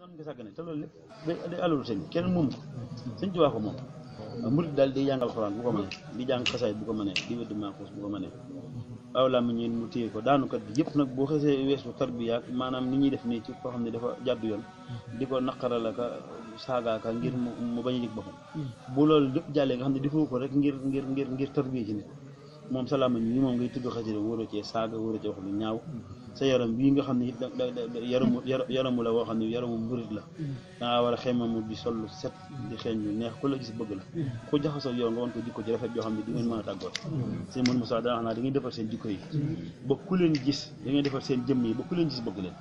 noonu nga sàggane te loolu lépp day alalu sëñ kenn moom ko sëñ Tuubaa ko moom murid daal di jàng alxuraan bu ko mënee di jàng xasaay bu ko mënee di wedd maaxuus bu ko mënee aw la mu mu téye ko daanukat bi yëpp nag boo xesee weesu tarbiya ak maanaam ni ñuy def nii ci koo xam ne dafa jàddu yoon di ko naqaral ak saagaaka ngir mu bañ a yëg boppam bu loolu lépp jàllee nga xam ne defoo ko rek ngir ngir ngir ngir tarbiya ci nit moom salaama ñu moom ngay tudd xasida wóoroo cee saaga wóoroo cee wax lu ñaaw sa yaram bii nga xam ne da yaramu yaramu la woo xam ne yaramu murit la dangaa war a xemamu bi sol set di xeeñ neex ku la gis bëgg la ku jaxasoo yow nga wan ko jikko ci xam ne di ngeen mën a tàggoo seen mën mosa naa da ngeen defar seen jikko yi ba leen gis da ngeen defar seen jëmm yi ba leen gis bëgg leen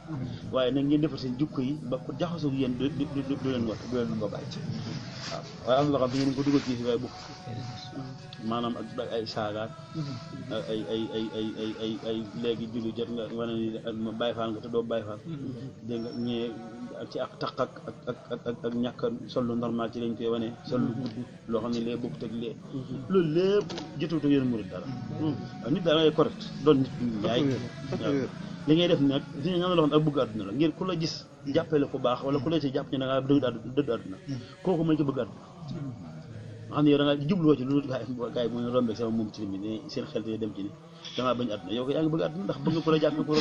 waaye nag ngeen defar seen jikko yi ba ku yéen du leen wat du leen ko bàyyi waaw waaye am na loo xam ngeen ko dugal ci waaye maanaam ak ay saagaat ay ay ay ay ay ay ay léegi julli jot nga wane ni Baay Faal nga te doo Baay Faal dégg nga ñëwee ci ak taq ak ak ak ak ak ñàkk sol lu normal ci lañ koy wane sol loo xam ne lee bokkut ak lee loolu lépp jotut ak yéen murit dara nit daal ngay correct doon nit yaay li ngay def nag dina ñaan loo xam ne ak bëgg àdduna la ngir ku la gis jàppale ku baax wala ku la ci jàpp ne da ngaa dëdd àdduna mm. kooku mën ci bëgg àdduna nga xam ne yow da nga jubluwoo ci lu gaa yi gaa yi mu rombeeg sama moom ci bi ni seen xel te dem ci ni damaa bañ àdduna yow ko yaa ngi bëgg àdduna ndax bëgg nga ko la jàpp ko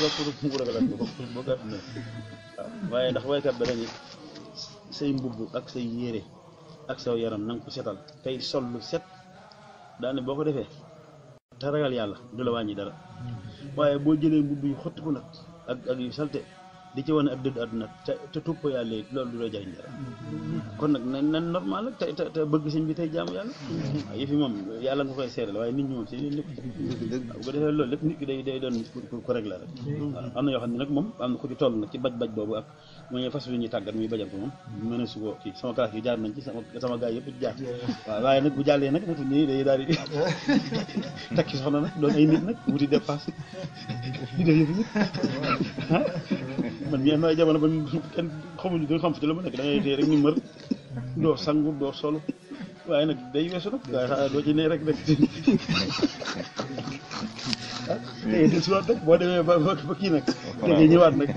waaye ndax waykat ba dañu say mbubb ak say yére ak saw yaram na ko setal tey sol lu set daane boo ko defee te ragal yàlla du la wàññi dara waaye boo jëlee mbubb yu xott ko nag ak yu salte di ci wane ab dëddu àdduna te te tuppoo yàlla it loolu du la jariñ dara kon nag na nan normal te te te bëgg sëñ bi tey jaamu yàlla yi yëf yi moom yàlla nga koy seeral waaye nit ñi moom seen i lépp bu ki day day doon ku régler yoo xam ne nag moom am na ku ci toll nag ci baj baj boobu ak mu ne fas wi ñuy tàggat muy bajal ko moom mën a su ko kii sama classe yi jaar nañ ci sama sama yëpp jaar waaw waaye nag bu jàllee nag nag nii day daal di takki soxna nag doon ay nit nag wuti dépasse di def yëf yi man mii am na ay jamono ba kenn xamuñu duñ xam fi la ma da ngay téye rek ñu mër doo sangu doo solo waaye nag day weesu nag waaye xanaa doo ci ne rek nag ah tey de suba nag boo demee ba ba kii nag. da ngay ñëwaat nag.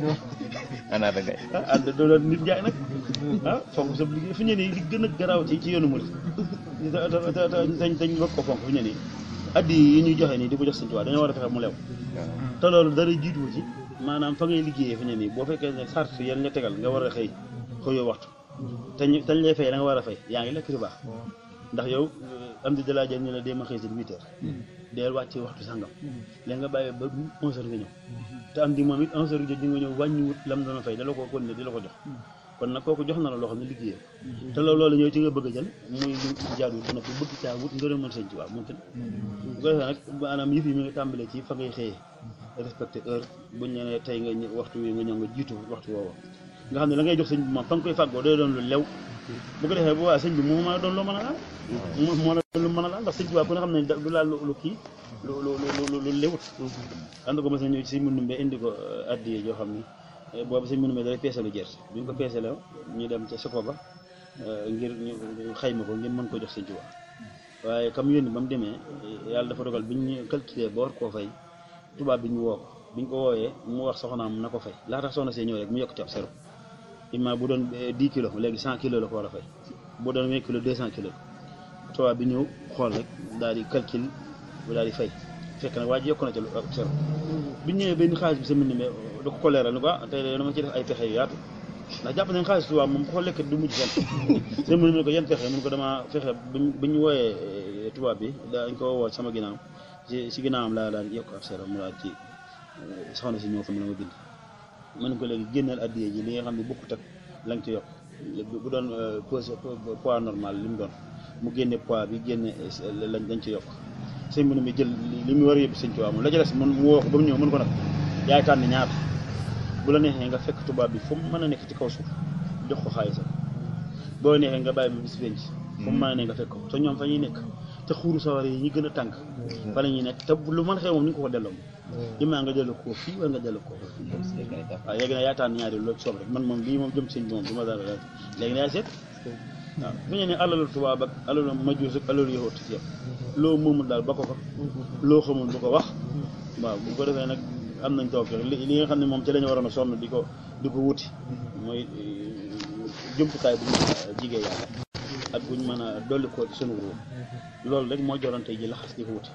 ana da ngay. ah ànd doo doon nit jaay nag ah fonk sa liggéey ñu ne li gën a garaaw ci ci da da dañ dañ bëgg ko fonk fu ñu ñuy joxe nii di ko jox seen tubaab dañoo war a fexe mu lew. te dara jiitu ci. maanaam fa ngay liggéeyee fi ne nii boo fekkee ne sart yan la tegal nga war a xëy xëyoo waxtu te ñu te lay fay da nga war a fay yaa ngi lekk riba ndax yow euh, am di dalaa jël ñu ne dee ma xëy si huit heures deel wàcc waxtu sàngam léegi nga bàyyi ba onze heures nga ñëw te am di moom it onze heures jot ñu nga ñëw wàññiwut lam doon fay da la ko kon di la ko jox kon nag kooku jox na la loo xam ne liggéeyee te loolu loolu ñooy ci nga bëgg a jël muy lu jaaduwut ba noppi bëgg caa wut ngërëmal sëñ ci waaw moom ngi tàmbalee ci fa ngay xëyee respecté heure bu ñu nee tey nga waxtu wi nga ñëw nga jiitu waxtu woowa nga xam ne la jox sëñ bi moom fa nga koy fàggoo day doon lu lew bu ko defee bu waa bi moom moo doon lu mën a laal moo la a laal ndax sëñ bi waa ku ne xam ne du laal lu kii lu lu lu lu lewut mm-hmm. a ñëw si mu numbe indi ko uh, addiye joo xam uh, ko peese ñu dem ca soko ba uh, ngir ñu xayma ko ngir mën ko jox sëñ bi mm-hmm. waaye comme yónni ba mu demee yàlla dafa dogal bi ñu calculé boor koo fay tubaab bi ñu woo ko biñ ko wooyee mu wax soxnaam na ko fay laa tax soxna see ñëw rek mu yokk ci ab seru imaam bu doon 10 eh, kilos léegi 100 kilos la ko war a fay bu doon 20 kilos 200 kilos tubaab bi ñëw xool rek daal di calcul bu daal di fay fekk nag waa ji yokk na ci bu seru mm. biñ ñëwee benn xaalis bi sa mbind mi da ko ko leeral ni ko ah tey dama ci def ay pexe yu yaatu ndax jàpp nañ xaalis Tuubaa moom xool lekk du mujj fenn sëñ bi ne ko yan fexe mun ko damaa fexe bi ñu wooyee eh, tubaab bi dañ ko woo sama ginnaaw si si ginnaawam laa daan yokk ab seeram daal ci eh, soxna si ñoo fa mën a mën ko léegi génneel addiya ji li nga xam ne bokkut ak la nga ci yokk bu doon eh, pesé poids normal li mu doon mu génne poids bi génne lañ lañ ci yokk sëñ bi ne mi jël li mu war a yëpp sëñ Tuubaa la ca des mun mu woo ba mu ñëw mën ko nag yaay tànn ñaata bu la neexee nga fekk tubaab bi fu mu mën a nekk ci kaw suuf jox ko xaalisam boo neexee nga bàyyi bi bis benn fu mu mën a ne nga fekk ko te ñoom fa ñuy nekk te xuuru sawar yi ñi gën a tànk fa la ñuy nekk te lu mën xew moom ñu ko ko delloo imaa nga delloo koo fii wala nga delloo koo waaw léegi nag yaataan ñaari loolu soob rek man moom lii moom bi moom du ma dara léegi na yaay seet waaw bu ñu ne alalu tubaab ak alalu majuus ak alalu yahut yëpp loo moomul daal ba ko fa loo xamul du ko wax waaw bu ko defee nag am nañ tawfeex li nga xam ne moom ci lañu waroon a sonn di ko di ko wuti mooy eh, jumtukaay bu ñu mën yàlla ak bu ñu mën a dolli ko ci sunu loolu rek moo jorante ji laxas di ko wuti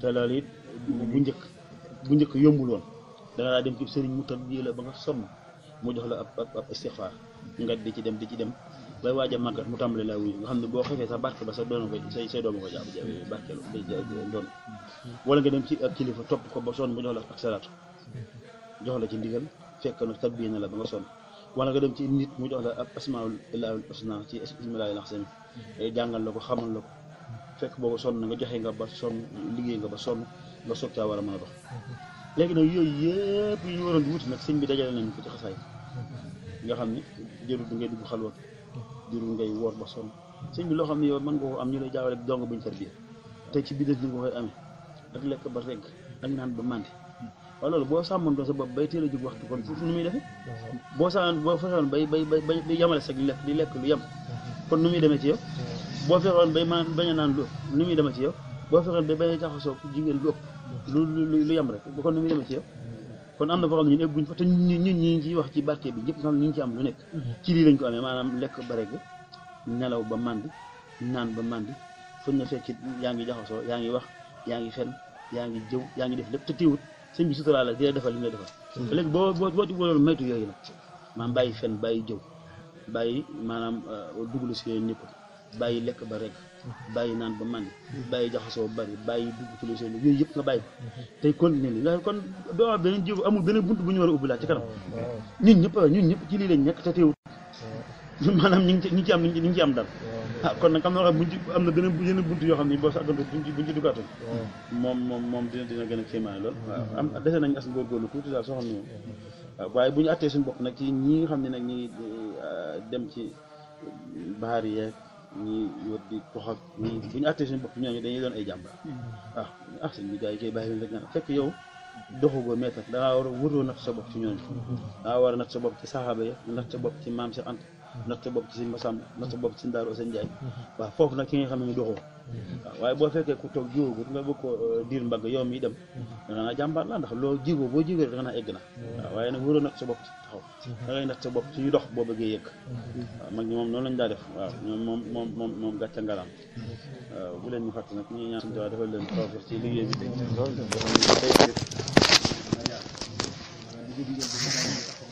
te loolu njëkk bu njëkk yombuloon danga daa dem ci sëriñ mu tëb la ba nga sonn mu jox la ab ab istixfaar nga di ci dem di ci dem bay waaj a màggat mu tàmbali laa wuyu nga xam ne boo xefee sax barke ba sa dooma ko jàpp barke nga dem ci ak kilifa topp ko ba sonn mu jox la ak salaatu jox la ci ndigal fekk na tabbi na la ba nga sonn wala nga ci mu jox la ab asmaul illahul husna ci ismilaay lax seen jàngal la ko xamal la ko fekk boo boobu sonn nga joxe nga ba sonn liggéey nga ba sonn nga soog caa war a mën a dox léegi nag yooyu yëpp yu ñu waroon di wuti nag sëñ bi dajale nañ ko ci xasaay nga xam ne jëru du ngay dugg xalwa jërul ngay woor ba sonn sëñ bi loo xam ne yow mën nga ko am ñu lay jaawale dong buñ tarbiya te ci biir ni nga koy amee ak lekk ba rek ak naan ba màndi waaw loolu boo sàmmoon doon sa bopp bay teel a jóg waxtu kon fu nu muy defee boo sàmmoon boo fexoon bay bay bay di yamale sag lekk di lekk lu yem kon nu muy demee ci boo fexoon bay ma bañ a naan lu nu muy deme ci yow boo fexoon bay bañ a jaxasoo jigéen lu ëpp lu lu yem rek kon nu muy demee ci yow kon am na foo xam ne ñun egguñ fa te ñun ñun ñi ngi ciy wax ci barke bi ñëpp sax ñu ngi ci am lu nekk. ci lii lañ ko amee maanaam lekk ba rek nelaw ba màndi naan ba màndi fuñ na fekk yaa ngi jaxasoo yaa ngi wax yaa ngi fen yaa ngi jëw yaa ngi def lépp te teewut sëñ bi sutura la dina defal li nga defal. léegi boo boo boo loolu moytu yooyu la maanaam bàyyi fen bàyyi jëw bàyyi maanaam euh, duglu si yooyu ñëpp. bàyyi lek ba rek bàyyi naan ba man bàyyi jaxasoo bari bàyyi dugg ci lu yoy yep nga bàyyi tay kon ni nga kon do benen beneen jiw amul beneen bunt bu ñu war a ci kanam ñun ñep ñun ñep ci li lañ nek te teewut ñu manam ci ah, ñu ci am ñu ci am dal kon nak am na xam ci am na benen yeneen buntu yo xamni bo boo sàggantu buñ ci buñ ci duggaatoon moom moom moom dina dina gëna xema kéemaane lool am dese nañ as góorgóorlu tuuti daal soo xam ne moom ah, waaye bu ñu suñu bokk nak ci ñi xamni nak ñi eh, dem ci bahari yeeg ñi wër di tox ak ñi bu ñu bopp ñooñu dañuy doon ay jàmbaar waaw hmm. ah seen bi gars yi koy bay rek na fekk yow doxugoo meetar dangaa war a wëroo nat sa bopp ci ñooñu hmm. dangaa war a nat sa ci saxaaba ya nat sa bopp ci maam Cheikh Anta hmm. nat sa bopp ci seen Massamba nat sa bopp ci seen Daaru Seen Njaay waaw foofu ki nga xam ne ñu doxoo waaw waaye boo fekkee ku toog jiwóogut nga bëgg ko euh, diir mbag yow mi dem dana nga jàmbaar la ndax loo jiwoo boo jiwee da na naa egg na waaw waaye nag wëroo nat sa bopp taxaw da ngay natt sa bopp suy dox boo bëggee yëg waaw mag ñi moom noonu lañ daa def waaw ñoom moom moom moom moom gàcce ngalaam waaw bu leen ñu fàtte nag ñuy ñaan suñu tubaab defal leen tawfeex ci liggéey bi tey